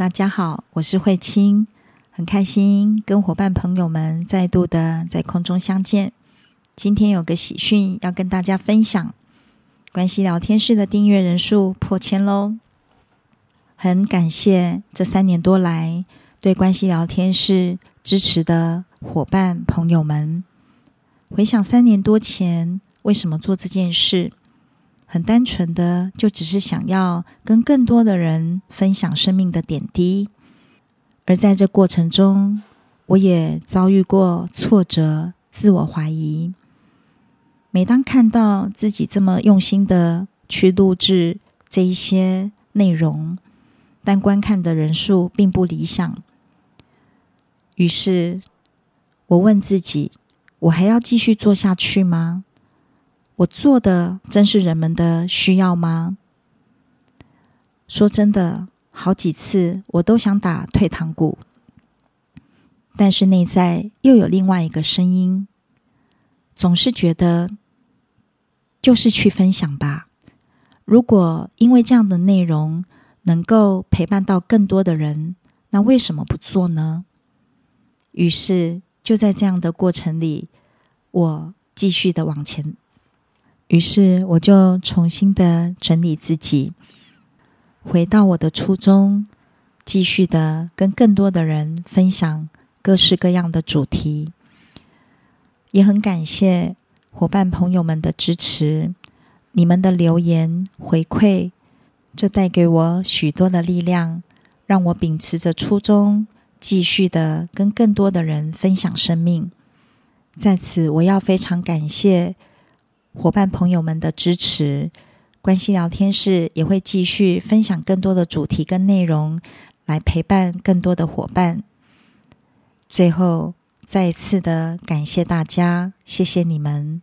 大家好，我是慧清，很開心跟夥伴朋友們再度的在空中相見。今天有個喜訊要跟大家分享，關係聊天室的訂閱人數破千嘍！很感謝這三年多來對關係聊天室支持的夥伴朋友們。回想三年多前，為什麼做這件事？很單純的，就只是想要跟更多的人分享生命的點滴，而在這過程中，我也遭遇過挫折、自我懷疑。每當看到自己這麼用心的去錄制這一些內容，但觀看的人數並不理想，於是，我問自己：我還要繼續做下去嗎？我做的真是人們的需要嗎？說真的，好幾次我都想打退堂鼓，但是內在又有另外一個聲音，總是覺得就是去分享吧。如果因為這樣的內容能夠陪伴到更多的人，那為什麼不做呢？於是就在這樣的過程裡，我繼續的往前。於是，我就重新的整理自己，回到我的初衷，繼續的跟更多的人分享各式各樣的主題。也很感謝夥伴朋友們的支持，你們的留言回饋，這帶給我許多的力量，讓我秉持着初衷，繼續的跟更多的人分享生命。在此，我要非常感謝。夥伴朋友們的支持，關係聊天室也會繼續分享更多的主題跟內容，來陪伴更多的夥伴。最後，再一次的感謝大家，謝謝你們。